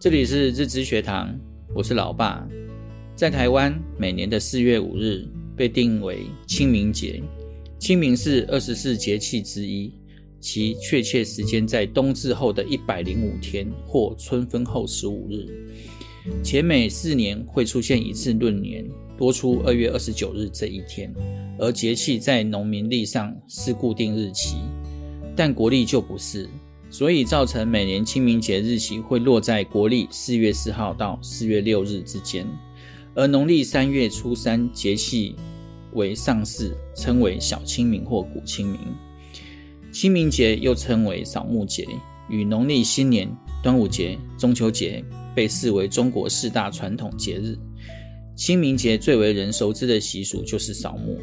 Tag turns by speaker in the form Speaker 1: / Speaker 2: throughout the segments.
Speaker 1: 這裡是日知學堂，我是老爸。在台灣，每年的四月五日被定為清明節。清明是二十四節氣之一，其確切時間在冬至後的一百零五天或春分後十五日，且每四年會出現一次閏年，多出二月二十九日這一天。而節氣在農民曆上是固定日期，但國曆就不是。所以造成每年清明節日期會落在國曆四月四號到四月六日之間，而農曆三月初三節氣為上巳，稱為小清明或古清明。清明節又稱為掃墓節，與農曆新年、端午節、中秋節被視為中國四大傳統節日。清明節最為人熟知的習俗就是掃墓。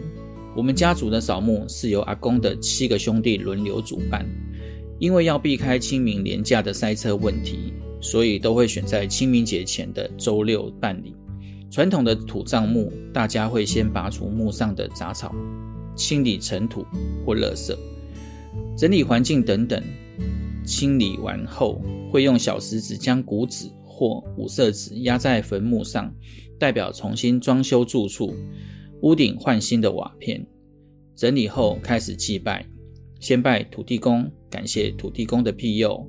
Speaker 1: 我們家族的掃墓是由阿公的七個兄弟輪流主辦。因為要避開清明連假的塞車問題，所以都會選在清明節前的周六辦理。傳統的土葬墓，大家會先拔除墓上的雜草，清理塵土或垃圾，整理環境等等。清理完後，會用小石子將古紙或五色紙壓在墳墓上，代表重新裝修住處，屋頂換新的瓦片。整理後開始祭拜。先拜土地公，感謝土地公的庇佑，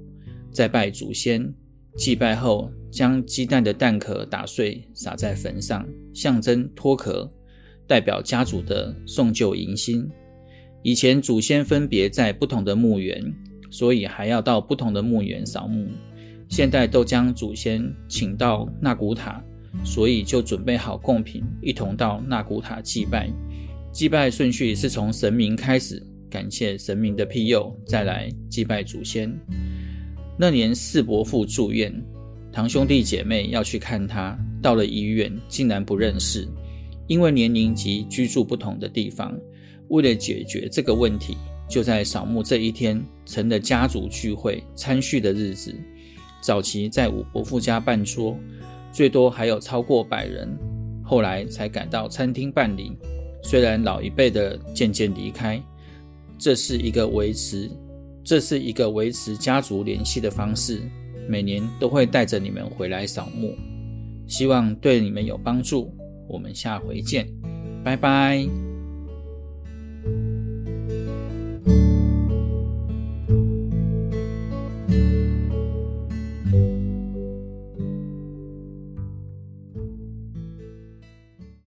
Speaker 1: 再拜祖先。祭拜後，將雞蛋的蛋殼打碎，撒在墳上，象徵脫殼，代表家族的送舊迎新。以前祖先分別在不同的墓園，所以還要到不同的墓園掃墓。現在都將祖先請到納骨塔，所以就準備好供品，一同到納骨塔祭拜。祭拜順序是從神明開始。感謝神明的庇佑，再來祭拜祖先。那年四伯父住院，堂兄弟姐妹要去看他，到了醫院竟然不認識，因為年齡及居住不同的地方。為了解決這個問題，就在掃墓這一天成了家族聚會、餐敘的日子。早期在五伯父家辦桌，最多還有超過百人，後來才趕到餐廳辦理。雖然老一輩的漸漸離開。這是一個維持，這是一個維持家族聯繫的方式。每年都會帶着你們回來掃墓，希望對你們有幫助。我們下回見，拜拜。